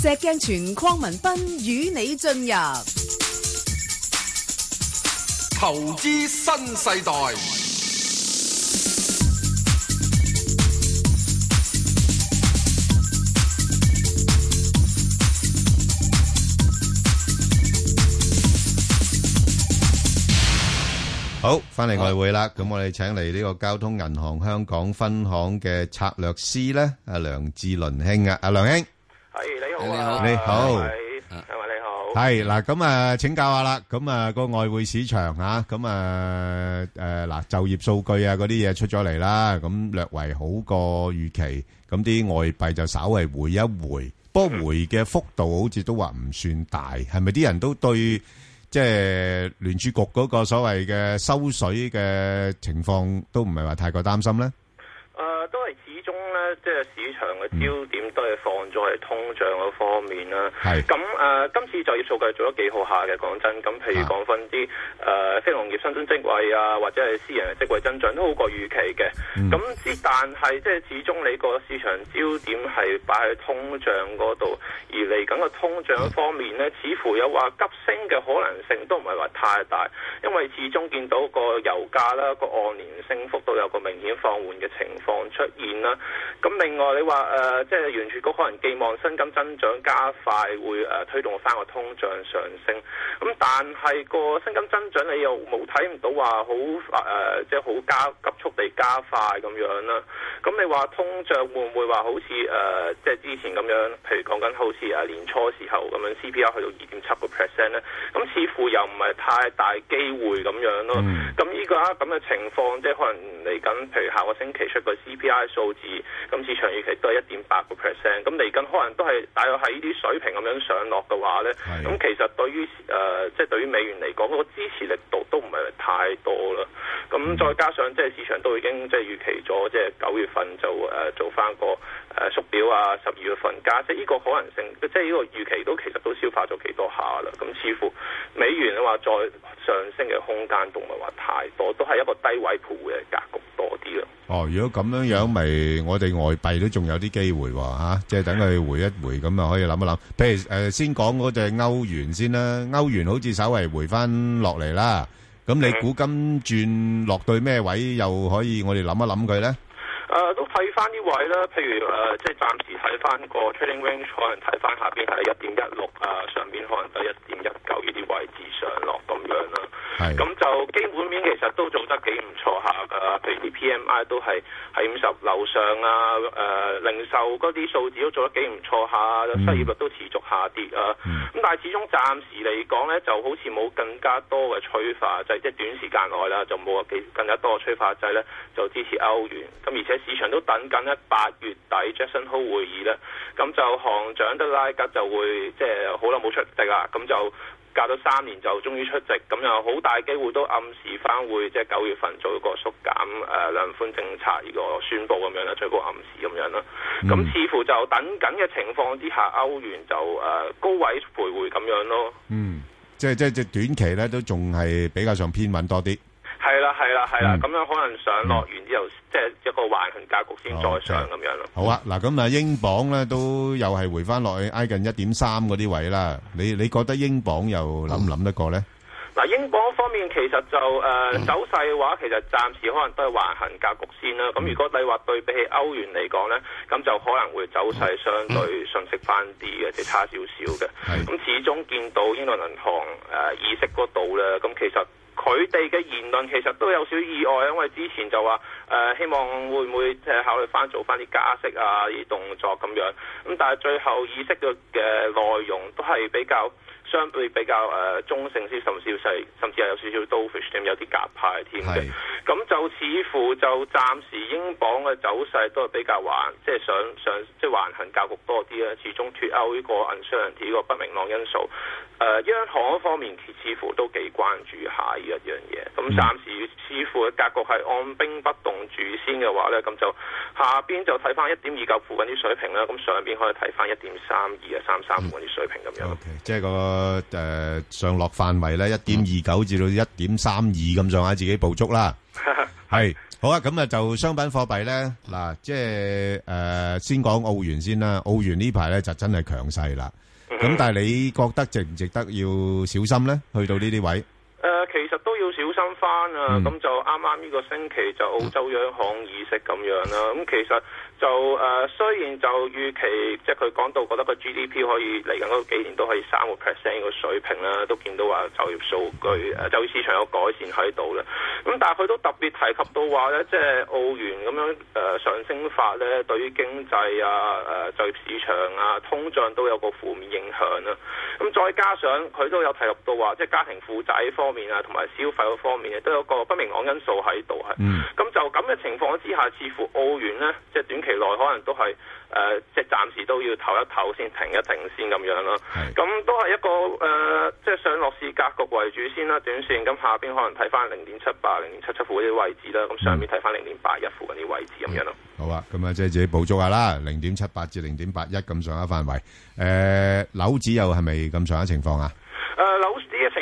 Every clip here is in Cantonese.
石鏡泉鄺文斌與你進入投資新世代。好，翻嚟外匯啦。咁我哋請嚟呢個交通銀行香港分行嘅策略師咧，阿梁志麟兄啊，阿梁兄。係你好，你好，係，兩位你好。係嗱，咁啊，請教下啦。咁啊，個外匯市場吓，咁啊，誒，嗱，就業數據啊，嗰啲嘢出咗嚟啦。咁略為好過預期，咁啲外幣就稍為回一回。不過回嘅幅度好似都話唔算大，係咪啲人都對即係聯儲局嗰個所謂嘅收水嘅情況都唔係話太過擔心咧？誒，都係始終咧，即係市場嘅焦點都係放。我通脹嗰方面啦、啊，咁誒、啊、今次就業數據做得幾好下嘅，講真。咁譬如講翻啲誒非農業新增職位啊，或者係私人職位增長都好過預期嘅。咁、嗯、但係即係始終你個市場焦點係擺喺通脹嗰度，而嚟緊個通脹方面呢，似乎有話急升嘅可能性都唔係話太大，因為始終見到個油價啦，個按年升幅都有個明顯放緩嘅情況出現啦。咁另外你話誒，即係完全局可能。希望薪金增長加快會，會、呃、誒推動翻個通脹上升。咁但係個薪金增長你又冇睇唔到話好誒，即係好加急速地加快咁樣啦。咁你話通脹會唔會話好似誒、呃、即係之前咁樣，譬如講緊好似啊年初時候咁樣 CPI 去到二點七個 percent 咧。咁似乎又唔係太大機會咁樣咯。咁呢個咁嘅情況，即係可能嚟緊譬如下個星期出個 CPI 數字，咁市場預期都係一點八個 percent。咁嚟可能都係大約喺呢啲水平咁樣上落嘅話咧，咁其實對於即係、呃就是、對於美元嚟講，那個支持力度都唔係太多啦。咁再加上即係、就是、市場都已經即係、就是、預期咗，即係九月份就、呃、做翻個誒縮、呃、表啊，十二月份加息，呢、就是、個可能性即係呢個預期都其實都消化咗幾多下啦。咁似乎美元嘅話再上升嘅空間都唔係話太多，都係一個低位盤嘅格局多啲啦。哦，如果咁樣樣咪我哋外幣都仲有啲機會喎，即係等佢。啊就是去回一回咁啊，可以諗一諗。譬如誒、呃，先講嗰隻歐元先啦，歐元好似稍為回返落嚟啦。咁你估金轉落對咩位又可以我想想？我哋諗一諗佢咧。誒、呃、都睇翻呢位啦，譬如誒，即係暫時睇翻個 trading range，可能睇翻下邊係一點一六啊，上邊可能就一點一九呢啲位置上落咁樣啦。咁就基本面其實都做得幾唔錯下嘅，譬如啲 PMI 都係喺五十樓上啊、呃，零售嗰啲數字都做得幾唔錯下，失業率都持續下跌、嗯、啊。咁但係始終暫時嚟講呢，就好似冇更加多嘅催化劑，即、就、係、是、短時間內啦，就冇幾更加多嘅催化劑呢，就支持歐元。咁而且市場都等緊喺八月底 Jackson Hole 會議咧，咁就行長德拉吉就會即係好耐冇出席啦，咁就隔咗三年就終於出席，咁又好大機會都暗示翻會即係九月份做一個縮減誒量寬、呃、政策呢個宣佈咁樣啦，初步暗示咁樣啦，咁似乎就等緊嘅情況之下，歐元就、呃、高位徘徊咁樣咯。嗯，即係即係即短期咧，都仲係比較上偏穩多啲。係啦，係啦，係啦，咁、嗯、樣可能上落完之後，嗯、即係一個橫行格局先再上咁樣咯、哦就是。好啊，嗱，咁啊，英鎊咧都又係回翻落去挨近一點三嗰啲位啦。你你覺得英鎊又諗唔諗得過呢？嗱、嗯嗯，英鎊方面其實就誒、呃、走勢嘅話，其實暫時可能都係橫行格局先啦。咁、嗯、如果你話對比起歐元嚟講呢，咁就可能會走勢相對上息翻啲嘅，即、嗯、係差少少嘅。咁始終見到英國銀行誒議息嗰度咧，咁、呃、其實。佢哋嘅言論其實都有少少意外，因為之前就話誒、呃，希望會唔會誒考慮翻做翻啲加息啊啲動作咁樣，咁但係最後意識到嘅內容都係比較。相對比，比較誒、呃、中性啲，甚至要細，甚至又有少少 dovish，有啲夾派添嘅。咁就似乎就暫時英鎊嘅走勢都係比較橫，即係想上即係橫行格局多啲啦。始終脱歐呢、這個 uncertainty 個不明朗因素，誒、呃、央行方面似乎都幾關注下呢一樣嘢。咁、嗯、暫時似乎嘅格局係按兵不動主先嘅話咧，咁就下邊就睇返一點二九附近啲水平啦。咁上邊可以睇返一點三二啊，三三附近啲水平咁、嗯、樣。O、okay, K，即係個。個誒上落範圍咧，一點二九至到一點三二咁上下，自己捕捉啦。係好啊，咁啊就商品貨幣咧，嗱，即係誒先講澳元先啦。澳元呢排咧就真係強勢啦。咁但係你覺得值唔值得要小心咧？去到呢啲位誒，其實都要小心返啊。咁就啱啱呢個星期就澳洲央行議息咁樣啦。咁其實。就誒、呃，雖然就預期，即係佢講到覺得個 GDP 可以嚟緊嗰幾年都可以三個 percent 個水平啦，都見到話就業數據誒就業市場有改善喺度啦。咁但係佢都特別提及到話咧，即係澳元咁樣誒、呃、上升法咧，對於經濟啊誒、呃、就業市場啊通脹都有個負面影響啦。咁再加上佢都有提及到話，即係家庭負債方面啊，同埋消費嗰方面亦都有個不明朗因素喺度係。咁、嗯、就咁嘅情況之下，似乎澳元咧即係短期。期內可能都係誒、呃，即係暫時都要唞一唞先，停一停先咁樣咯。咁都係一個誒、呃，即係上落市格局為主先啦。短線咁下邊可能睇翻零點七八、零點七七附近啲位置啦。咁上面睇翻零點八一附近啲位置咁樣咯、嗯嗯。好啊，咁啊即係自己補足下啦。零點七八至零點八一咁上下範圍。誒、呃，樓指又係咪咁上下情況啊？誒、呃、樓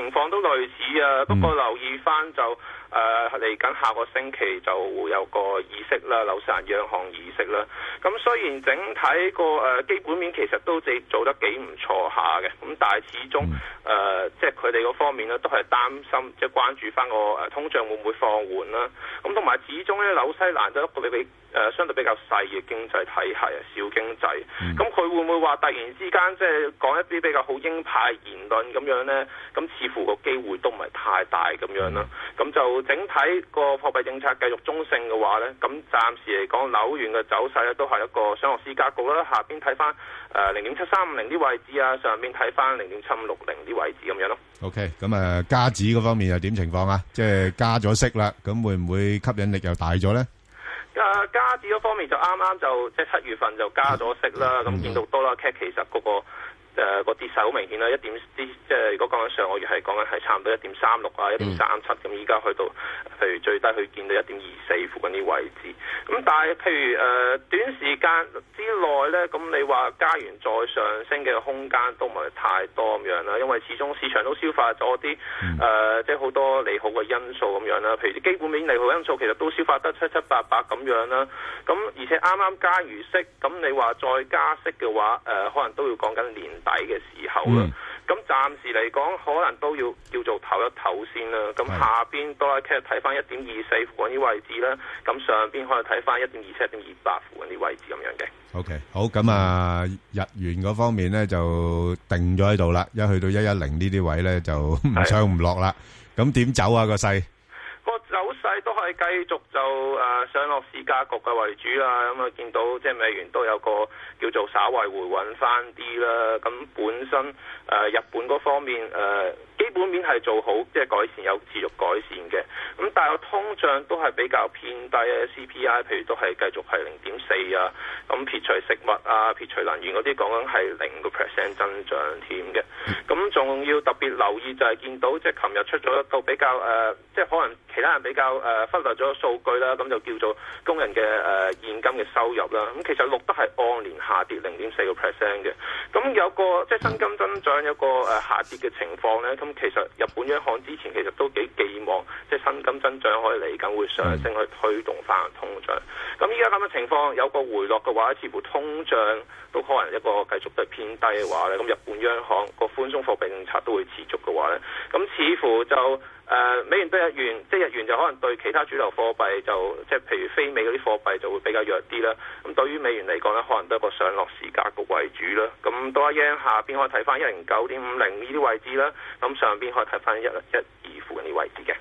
情況都類似啊，不過留意翻就誒嚟緊下個星期就會有個議息啦，紐西蘭央行議息啦。咁雖然整體個誒、呃、基本面其實都即做得幾唔錯下嘅，咁但係始終誒、嗯呃、即係佢哋個方面呢都係擔心，即、就、係、是、關注翻個通脹會唔會放緩啦。咁同埋始終呢，紐西蘭都一個你。誒相對比較細嘅經濟體系，小經濟，咁、嗯、佢會唔會話突然之間即係、就是、講一啲比較好鷹派言論咁樣呢？咁似乎個機會都唔係太大咁樣啦。咁、嗯、就整體個貨幣政策繼續中性嘅話呢，咁暫時嚟講紐元嘅走勢咧都係一個上落市格局啦。下邊睇翻誒零點七三五零啲位置啊，上邊睇翻零點七五六零啲位置咁樣咯。OK，咁加紙嗰方面又點情況啊？即、就、係、是、加咗息啦，咁會唔會吸引力又大咗呢？誒、啊，加字嗰方面就啱啱就即係七月份就加咗息啦，咁、嗯嗯、見到多啦 c a 其實嗰、那個。誒、啊、個跌勢好明顯啦，一點啲即係如果講緊上個月，係講緊係差唔多一點三六啊、一點三七咁，依家去到譬如最低去見到一點二四附近啲位置。咁但係譬如誒短時間之內咧，咁你話加完再上升嘅空間都唔係太多咁樣啦，因為始終市場都消化咗啲誒即係好多利好嘅因素咁樣啦，譬如基本面利好因素其實都消化得七七八八咁樣啦。咁而且啱啱加完息，咁你話再加息嘅話，誒、呃、可能都要講緊年。底嘅時候啦，咁暫時嚟講可能都要叫做唞一唞先啦。咁下邊多啦，其實睇翻一點二四附近啲位置啦。咁上邊可以睇翻一點二七、一點二八附近啲位置咁樣嘅。OK，好咁啊，日元嗰方面咧就定咗喺度啦。一去到一一零呢啲位咧就唔上唔落啦。咁點走啊個勢？個走勢都。繼續就誒、呃、上落市格局嘅為主啦，咁、嗯、啊見到即係美元都有個叫做稍微回穩翻啲啦。咁、嗯、本身誒、呃、日本嗰方面誒、呃、基本面係做好，即、就、係、是、改善有持續改善嘅。咁、嗯、但係通脹都係比較偏低嘅 CPI，譬如都係繼續係零點四啊。咁、嗯、撇除食物啊、撇除能源嗰啲，講緊係零個 percent 增長添嘅。咁、嗯、仲要特別留意就係、是、見到即係琴日出咗一個比較誒、呃，即係可能其他人比較誒。呃咗數據啦，咁就叫做工人嘅誒、呃、現金嘅收入啦。咁其實錄得係按年下跌零點四個 percent 嘅。咁有個即係薪金增長有個、呃、下跌嘅情況呢。咁其實日本央行之前其實都幾寄望即係薪金增長可以嚟緊會上升去推動翻通脹。咁依家咁嘅情況有個回落嘅話，似乎通脹都可能一個繼續都係偏低嘅話呢。咁日本央行個寬鬆貨幣政策都會持續嘅話呢，咁似乎就。誒、呃、美元對日元，即係日元就可能對其他主流貨幣就即係譬如非美嗰啲貨幣就會比較弱啲啦。咁對於美元嚟講咧，可能都係一個上落市格局為主啦。咁多一 yen 下邊可以睇翻一零九點五零呢啲位置啦。咁上邊可以睇翻一一二附近啲位置嘅。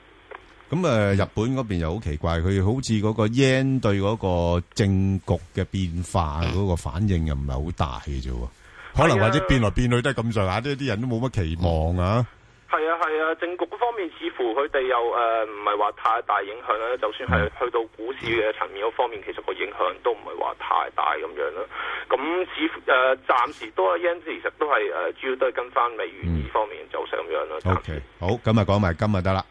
咁、呃、日本嗰邊又好奇怪，佢好似嗰個 yen 對嗰個政局嘅變化嗰個反應又唔係好大嘅啫喎。可能或者變來變去都係咁上下，啲啲人都冇乜期望啊。嗯係啊係啊，政局嗰方面似乎佢哋又誒唔係話太大影響咧。就算係去到股市嘅層面嗰方面，嗯、其實個影響都唔係話太大咁樣啦。咁似乎誒暫、呃、時都，現時其實都係誒、呃、主要都係跟翻美元呢方面走勢咁樣啦。嗯、o、okay, K，好，咁啊講埋今日得啦。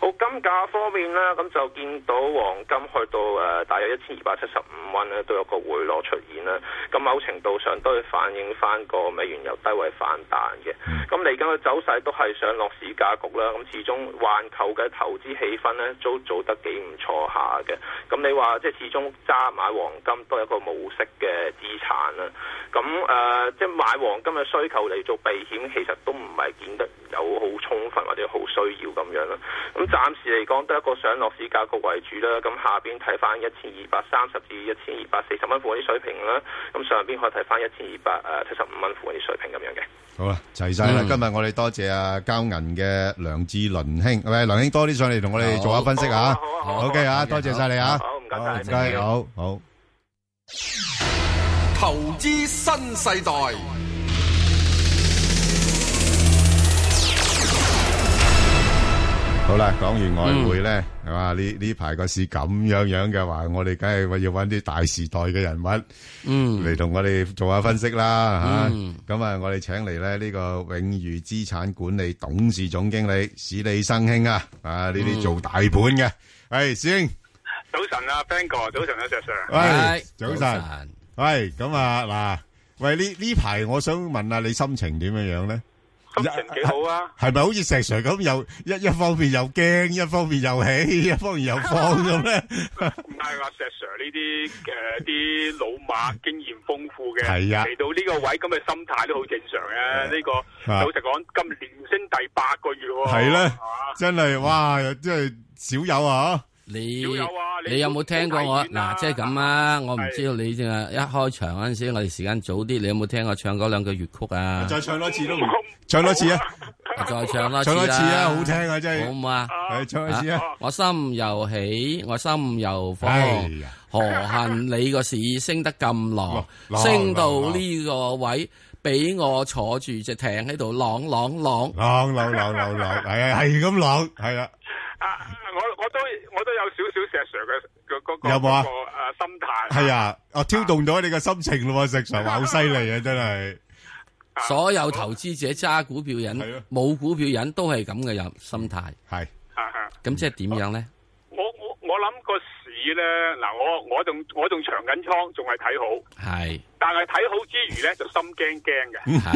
好金價方面呢，咁就見到黃金去到誒、呃、大約一千二百七十五蚊咧，都有個回落出現啦。咁某程度上都會反映翻個美元由低位反彈嘅。咁嚟緊嘅走勢都係上落市格局啦。咁始終環球嘅投資氣氛呢，都做，做得幾唔錯下嘅。咁你話即係始終揸買黃金都係一個冇息嘅資產啦。咁誒、呃，即係買黃金嘅需求嚟做避險，其實都唔係見得有好充分或者好需要咁樣啦。咁暫時嚟講都一個上落市格局為主啦，咁下邊睇翻一千二百三十至一千二百四十蚊半嗰啲水平啦，咁上邊可以睇翻一千二百誒七十五蚊半嗰啲水平咁樣嘅。好啦，齊曬啦、嗯，今日我哋多謝啊交銀嘅梁志倫兄，唔、嗯、梁兄多啲上嚟同我哋做下分析嚇。好啊，好。O K 啊，okay, 多謝晒你啊。好，唔該曬，唔該，好好。投資新世代。好啦，講完外匯咧，係嘛？呢呢排個市咁樣樣嘅話，我哋梗係要揾啲大時代嘅人物，嗯，嚟同我哋做下分析啦吓。咁啊，我哋請嚟咧呢個永裕資產管理董事總經理史理生兄啊，啊呢啲做大盤嘅，係史兄。早晨啊，Frank 哥，早晨啊，Sir。喂，早晨。喂，咁啊嗱，喂呢呢排我想問下你心情點樣樣咧？心情幾好啊？係、啊、咪好似石 Sir 咁又一一方面又驚，一方面又喜，一方面又慌咁咧？唔係話石 Sir 呢啲誒啲老馬經驗豐富嘅，係啊嚟到呢個位咁嘅心態都好正常嘅、啊。呢、啊這個老實講，今年升第八個月喎、啊，係咧、啊啊，真係哇，真係少有啊！你你有冇聽過我嗱？即係咁啊！有有我唔、呃啊啊、知道你啊，一開場嗰陣時，我哋時間早啲，你有冇聽我唱嗰兩句粵曲啊？再唱多次都唔、嗯嗯嗯嗯嗯、唱多次啊！嗯嗯嗯嗯、再唱多次，啊，唱次啊，啊！好聽啊！真係好唔啊？係唱一次啊！啊我心又喜，我心又火，何恨你個市升得咁浪，升到呢個位，俾我坐住隻艇喺度浪浪浪浪浪浪浪浪，係啊，係咁浪，係啊。朗朗朗朗朗我我都我都有少少石 Sir 嘅、個有冇、個個個誒心態係啊，哦、啊、挑動咗你個心情咯、啊，石 Sir 好犀利啊，真係、啊！所有投資者揸股票人，冇、啊、股票人都係咁嘅心心態係。咁、啊、即係點樣咧、啊？我我我諗個市咧嗱，我我仲我仲長緊倉，仲係睇好。係，但係睇好之餘咧， 就心驚驚嘅。係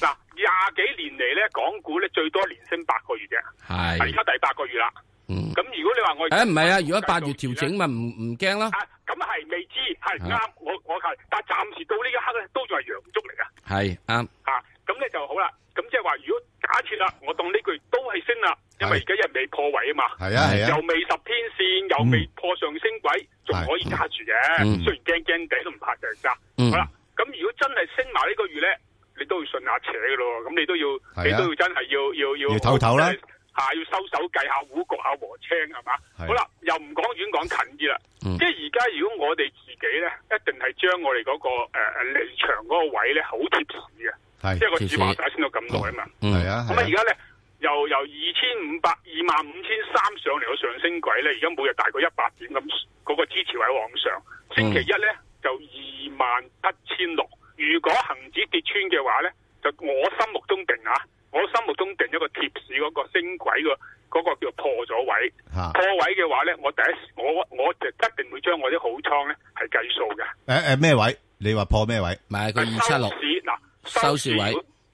嗱，廿、啊、幾年嚟咧，港股咧最多連升八個月啫。係，而家第八個月啦。咁、嗯、如果你話我誒唔係啊，如果八月調整咪唔唔驚啦？啊，咁係未知，係啱、啊、我我係，但係暫時到呢一刻咧，都仲係陽燭嚟啊。係啱吓，咁咧就好啦。咁即係話，如果假設啦，我當呢句都係升啦、啊，因為而家日未破位啊嘛。係啊係啊，又未十天線，又未破上升軌仲、嗯、可以揸住嘅、啊嗯。雖然驚驚地都唔怕嘅而家。嗯。好啦，咁如果真係升埋呢個月咧，你都要順下扯嘅咯。咁你都要、啊，你都要真係要要要。要透唞啦。要要吓、啊，要收手計下糊局下禾青，係嘛？好啦，又唔講遠，講近啲啦、嗯。即係而家，如果我哋自己咧，一定係將我哋嗰、那個誒誒離場嗰個位咧、嗯嗯啊啊，好貼市嘅。係，即係個指板打升咗咁耐啊嘛。係啊。咁啊，而家咧又由二千五百二萬五千三上嚟個上升軌咧，而家每日大過一百點咁，嗰、那個支持位往上。星期一咧就二萬七千六，如果恒指跌穿嘅話咧，就我心目中定啊。我心目中定咗一個貼市嗰個升軌嘅嗰個叫破咗位，破位嘅話咧，我第一我我就一定會將我啲好倉咧係計數嘅。誒誒，咩位？你話破咩位？咪係佢二七六，收市嗱收市位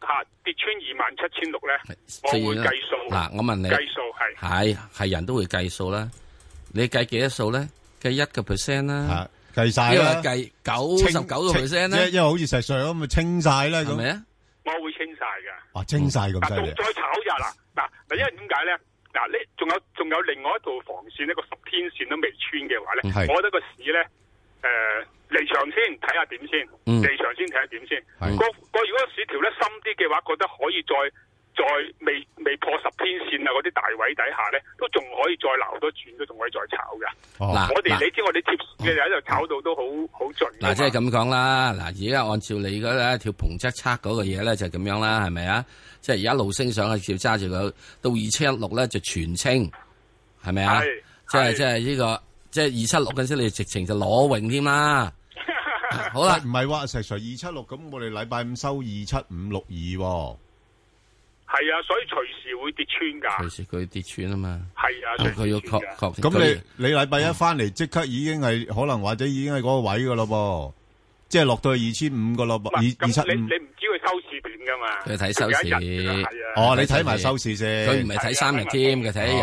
吓跌穿二萬七千六咧，我會計數。嗱，我問你計數係係係人都會計數啦。你計幾多數咧？計一個 percent 啦，計晒啦，計九十九個 percent 咧，因為好似史理生咁咪清晒咧咁，係咪啊？我會清晒噶，哇、啊、清晒咁犀利，仲再炒日啦，嗱嗱，因為點解咧？嗱，呢仲有仲有另外一道防線，呢個十天線都未穿嘅話咧，我覺得個市咧，誒、呃、離場先睇下點先，離場先睇下點先。個個如果市調得深啲嘅話，覺得可以再。再未未破十天線啊！嗰啲大位底下咧，都仲可以再鬧多轉，都仲可以再炒㗎。嗱、哦，我哋、哦、你知我哋貼嘅人喺度炒到都好好盡。嗱、哦哦啊啊，即係咁講啦。嗱，而家按照你嗰條盤質測嗰個嘢咧，就咁樣啦，係咪啊？即係而家路升上去，照揸住佢到二七一六咧，就全清，係咪啊？即係即係呢個即係二七六嗰陣時你直情就攞泳添啦。 好啦，唔係喎，阿石 Sir，二七六咁，我哋禮拜五收二七五六二喎。係啊，所以隨時會跌穿噶。隨時佢跌穿啊嘛。係啊，隨時佢要確確。咁你你禮拜一翻嚟即刻已經係可能或者已經係嗰個位噶咯噃，即係落到去二千五個咯噃。二二七五，你唔知佢收市點噶嘛？你睇收市。哦，你睇埋收市先。佢唔係睇三日添，佢睇一日。咁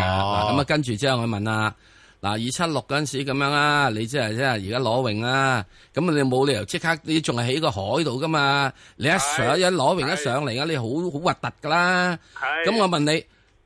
啊，跟住之後我問啊。嗱、啊，二七六嗰陣時咁樣啦、啊，你即係即係而家攞泳啦，咁、啊、你冇理由即刻你仲係喺個海度噶嘛？你一上一攞泳一上嚟啊，你好好核突噶啦！咁、嗯、我問你，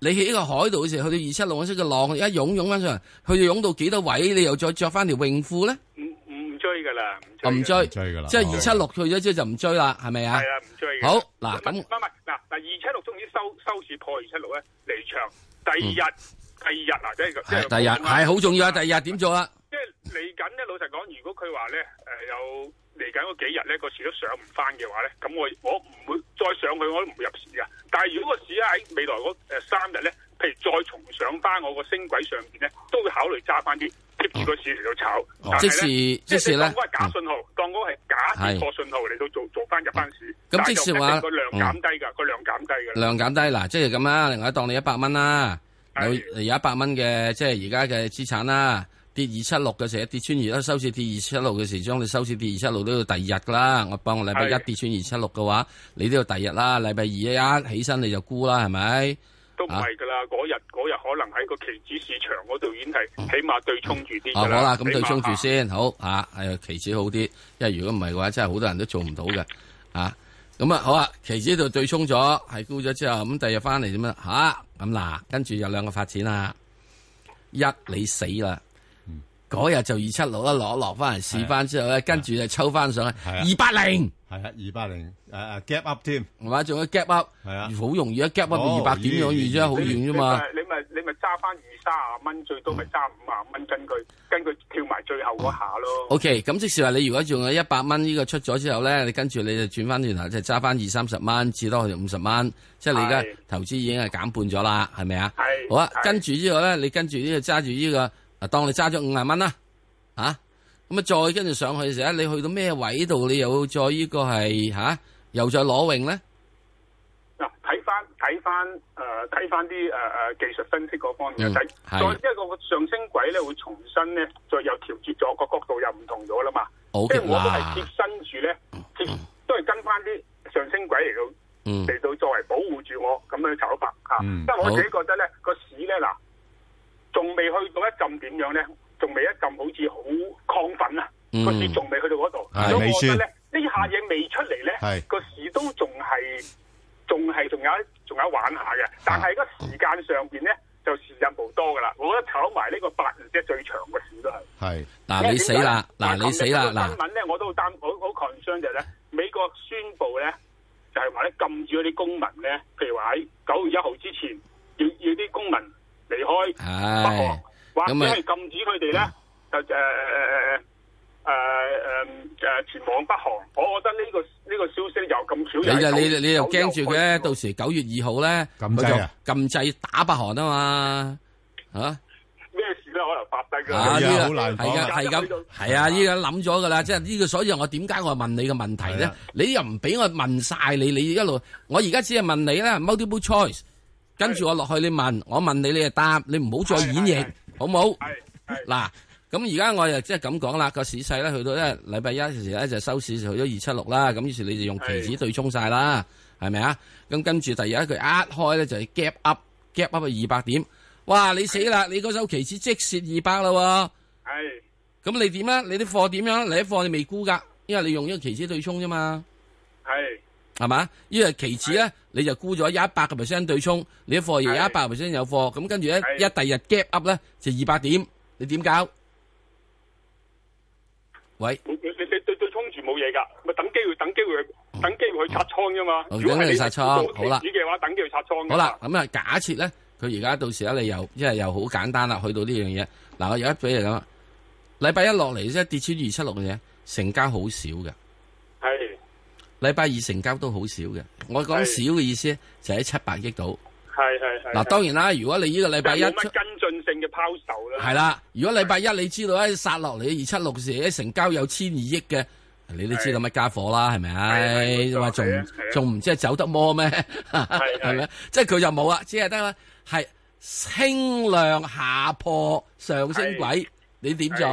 你喺呢個海度嘅時候，去到二七六嗰出個浪，一湧湧翻上嚟，去到湧到幾多位，你又再着翻條泳褲咧？唔唔追噶啦，唔追，啊、追，追噶啦，即係二七六退咗之後就唔追啦，係咪啊？係、嗯、啊，唔追好嗱，咁嗱嗱二七六終於收收市破二七六咧，離場第二日。第二日啊，即係即係第二日係好重要啊！第二日點、啊、做啊？即係嚟緊咧，老實講，如果佢話咧，誒有嚟緊嗰幾日咧，個市都上唔翻嘅話咧，咁我我唔會再上去，我都唔會入市啊！但係如果個市喺未來嗰誒三日咧，譬如，再重上翻我個升軌上邊咧，都會考慮揸翻啲貼住個市嚟到炒。嗯、呢即時即時咧，如果係假信號，嗯、當嗰個係假個信號嚟到做做翻入翻市。咁、嗯就是、即時話個量減低噶，個量減低噶。量減低嗱，即係咁啦，另外當你一百蚊啦。有有一百蚊嘅，即係而家嘅資產啦。跌二七六嘅時候，跌穿二七，收市跌二七六嘅時候，將你收市跌二七六都要第二日噶啦。我幫我禮拜一跌穿二七六嘅話，你都要第二日啦。禮拜二一一起身你就沽啦，係咪？都唔係噶啦，嗰日嗰日可能喺個期指市場嗰度已經係起碼對沖住啲啦。好啦，咁對沖住先，好吓係、啊啊啊啊、期指好啲，因為如果唔係嘅話，真係好多人都做唔到嘅。啊，咁啊好啊，啊好期指呢度對沖咗，係沽咗之後，咁第二日翻嚟點啊吓？咁、嗯、嗱，跟住有兩個發展啦，一你死啦。嗰日就二七六啦，攞落翻嚟試翻之後咧、啊，跟住就抽翻上去二八零，係啊二八零，誒、啊 uh, gap up 添，係嘛仲有 gap up，係啊好容易啊 gap up 到二百點咁遠啫，好遠啫嘛！你咪你咪揸翻二卅啊蚊，最多咪揸五啊蚊，根據根據、嗯、跳埋最後嗰下咯。O K，咁即係話你如果仲有一百蚊呢個出咗之後咧，你跟住你就轉翻轉頭即係揸翻二三十蚊，至多去五十蚊，即係你而家投資已經係減半咗啦，係咪啊？係，好啊！跟住之後咧，你跟住呢個揸住呢個。嗱，當你揸咗五萬蚊啦，吓、啊，咁啊再跟住上去嘅時候，你去到咩位度，你又再呢個係吓、啊，又再裸泳咧？嗱，睇翻睇翻誒，睇翻啲誒誒技術分析嗰方面睇，再、嗯、一、即係、個上升軌咧會重新咧再又調節咗個角度又唔同咗啦嘛。即、okay, 係我都係貼身住咧，貼、啊、都係跟翻啲上升軌嚟到嚟到作為保護住我咁樣嘅炒法吓。即、啊嗯、我自己覺得咧、嗰個市咧嗱。仲未去到一浸點樣咧？仲未一浸好似好亢奮啊！個市仲未去到嗰度，所以我覺得咧，呢下嘢未出嚟咧，個事都仲係仲係仲有仲有玩下嘅。但係個時間上面咧、嗯，就時間無多㗎啦。我覺得炒埋呢個八日即係最長個事都係。係嗱，你死啦！嗱，你死啦！嗱，新聞咧我都擔好好 concern 就係咧，美國宣布咧就係話咧禁止嗰啲公民咧，譬如話喺九月一號之前。北韓，或者係禁止佢哋咧，就誒誒誒誒誒誒誒誒前往北韓。我覺得呢個呢個消息又咁少，你就你你又驚住佢，到時九月二號咧禁制啊，禁制打北韓啊嘛，吓咩事咧？可能發生噶啦，係啊，好難講，係咁，係啊，依家諗咗噶啦，即係呢個，所以我點解我問你嘅問題咧？你又唔俾我問晒你，你一路，我而家只係問你啦，Multiple Choice。跟住我落去，你問我問你，你就答，你唔好再演繹，好唔好？係嗱，咁而家我又即係咁講啦，個市勢咧去到呢禮拜一時咧就是、收市就去咗二七六啦，咁於是你就用期指對沖晒啦，係咪啊？咁跟住第二一個呃開咧就是、gap up gap up 去二百點，哇！你死啦！你嗰首期指即蝕二百啦喎！係，咁你點啊？你啲貨點樣？你啲貨你未沽噶，因為你用咗期指對沖啫嘛。係。係嘛？因為期指咧，你就沽咗一百個 percent 對沖，你啲貨又一百 percent 有貨，咁跟住咧一第二日 gap up 咧就二百點，你點搞？喂，你你,你對對沖住冇嘢噶，咪等機會，等機會，等機會去拆倉啫嘛。如果你拆倉，好啦。止嘅話，等機會拆倉。好啦，咁啊、嗯，假設咧，佢而家到時咧，你又因為又好簡單啦，去到呢樣嘢。嗱，我有一俾你咁，禮拜一落嚟先跌穿二七六嘅嘢，成交好少嘅。禮拜二成交都好少嘅，我講少嘅意思就喺七百億度。係係係。嗱，當然啦，如果你呢個禮拜一冇乜跟進性嘅拋售咧，係啦。如果禮拜一你知道咧殺落嚟二七六時，成交有千二億嘅，你都知道乜家伙啦，係咪？仲仲唔即係走得摩咩？係咪？ 即係佢就冇啦，只係得啦，係清量下破上升軌，你點做？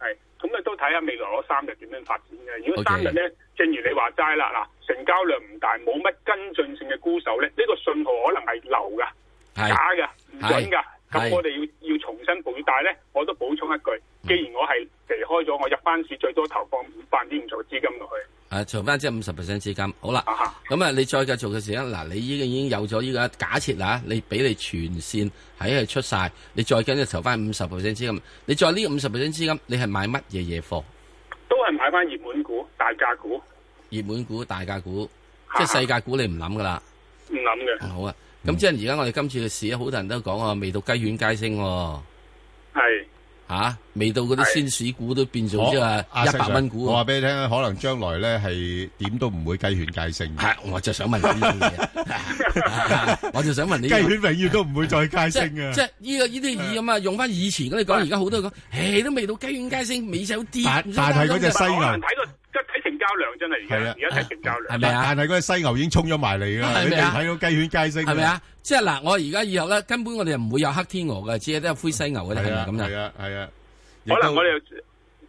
係咁你都睇下未來嗰三日點樣發展嘅。如果三日咧。Okay. 正如你話齋啦，嗱，成交量唔大，冇乜跟進性嘅沽手咧，呢個信號可能係流噶，假噶，唔準噶。咁我哋要，要重新補帶咧，我都補充一句，既然我係離開咗，我入翻市最多投放五百點唔兆嘅資金落去。誒、啊，籌翻即係五十 percent 資金，好啦，咁啊，那你再繼續嘅時間，嗱，你已經有咗呢個假設啦，你俾你全線喺度出晒，你再跟住籌翻五十 percent 資金，你再呢五十 percent 資金，你係買乜嘢嘢貨？都係買翻。大價股、熱門股、大價股，即係世界股你，你唔諗噶啦。唔諗嘅。好啊，咁即係而家我哋今次嘅事咧，好多人都講啊，未到雞、啊啊啊哦啊、犬皆升。係。吓，未到嗰啲仙市股都變咗，即係一百蚊股。我話俾你聽，可能將來咧係點都唔會雞犬皆升。我就想問你呢啲嘢。 我就想問你，雞犬永遠都唔會再皆升嘅。即係呢個呢啲咁啊，用翻以前嗰啲講，而家好多都講、哎，都未到雞犬皆升，未好啲。但係嗰隻西岸。較量真係而家，而家睇直較量，係咪啊？但係嗰隻犀牛已經衝咗埋嚟啊！你睇到雞犬皆升，係咪啊？即係嗱，我而家以後咧，根本我哋唔會有黑天鵝嘅，只係得灰犀牛嘅啫。咁係啊，係啊，啊，啊是是。可能我哋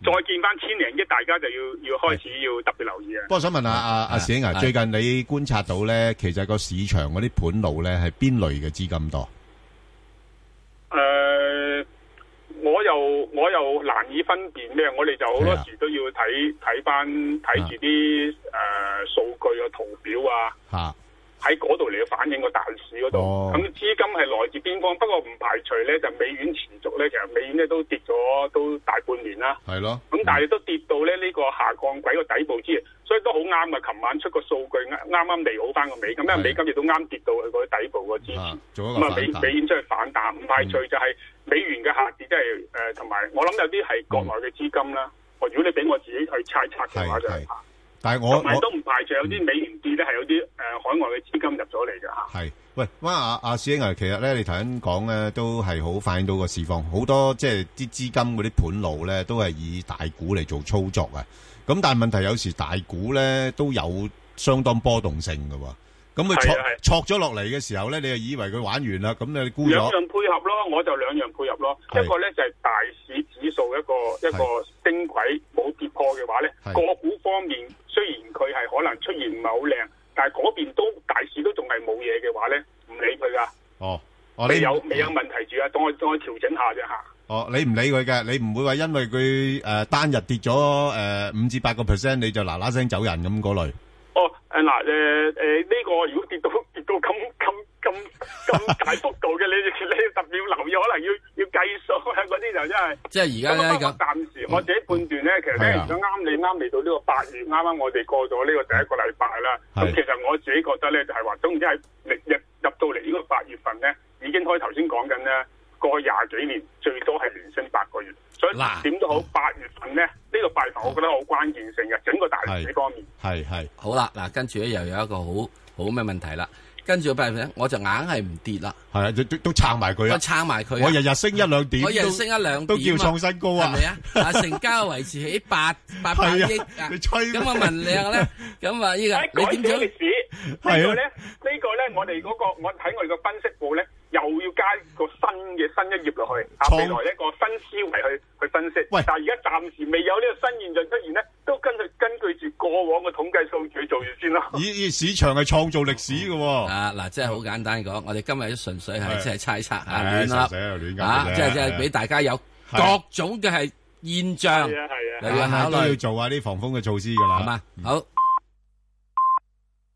再見翻千零，億，大家就要要開始要特別留意啊，啊，啊。不過想問下阿阿史英啊，最近你觀察到咧，其實個市場嗰啲盤路咧，係邊類嘅資金多？誒、呃。就我又難以分辨咩，我哋就好多時都要睇睇翻睇住啲誒數據啊、圖表啊。喺嗰度嚟反映個大市嗰度，咁、哦、資金係來自邊方？不過唔排除咧，就美元持續咧，其實美元咧都跌咗，都大半年啦。係咯。咁但係都跌到咧呢、嗯呢個下降軌個底部之，所以都好啱嘅。琴晚出個數據啱啱未好翻個美金，咁為美金亦都啱跌到去嗰底部個支持，咁啊美美元出去反彈，唔排除就係美元嘅下跌、就是，即係同埋我諗有啲係國內嘅資金啦。我、嗯、如果你俾我自己去猜測嘅話就。但係我同埋都唔排除有啲美元跌咧，係、嗯、有啲誒、呃、海外嘅資金入咗嚟嘅嚇。係，喂，咁阿阿史生，其實咧，你頭先講咧，都係好反映到個市況，好多即係啲資金嗰啲盤路咧，都係以大股嚟做操作嘅。咁但係問題有時大股咧都有相當波動性嘅喎。咁佢挫挫咗落嚟嘅時候咧，你就以為佢玩完啦？咁你沽咗？兩樣配合咯，我就兩樣配合咯。一個咧就係、是、大市指數一個一個,一個升軌冇跌破嘅話咧，個股方面。雖然佢係可能出現唔係好靚，但係嗰邊都大市都仲係冇嘢嘅話咧，唔理佢噶、哦哦哦啊。哦，你有未有問題住啊？等我再調整下啫嚇。哦，你唔理佢嘅，你唔會話因為佢誒、呃、單日跌咗誒五至八個 percent 你就嗱嗱聲走人咁嗰類。哦，誒嗱誒誒呢個如果跌到跌到咁咁咁咁大幅度嘅， 你你特別留意，可能要。計數啊，嗰啲就真、是、係。即係而家咧，暫時、嗯、我自己判斷咧，其實咧，啱、啊、你啱嚟到呢個八月，啱啱我哋過咗呢個第一個禮拜啦。咁其實我自己覺得咧，就係、是、話，總之喺入入入到嚟呢個八月份咧，已經開頭先講緊咧，過去廿幾年最多係連升八個月。所以點、啊、都好，八月份咧呢、這個拜頭，我覺得好關鍵性嘅、啊，整個大市方面。係係好啦，嗱，跟住咧又有一個好。冇咩問題啦，跟住我平平，我就硬係唔跌啦。係啊，都都撐埋佢啊，撐埋佢。我日日升一兩點，我日升一兩，都叫創新高啊。係啊，成交維持喺八八百億啊。咁我問你啊，我咧，咁啊依個，你點講？呢個咧，呢個咧，我哋嗰個，我睇我哋嘅分析部咧。又要加個新嘅新一頁落去，啊，未來一個新思維去去分析。喂，但係而家暫時未有呢個新現象出現咧，都根據根據住過往嘅統計數據做完先啦。咦咦市場係創造歷史嘅。啊嗱，真係好簡單講，我哋今日都純粹係即係猜測吓。亂啦，啊，即係即係俾大家有各種嘅係現象。係啊係啊，都要做下啲防風嘅措施噶啦。係嘛，好。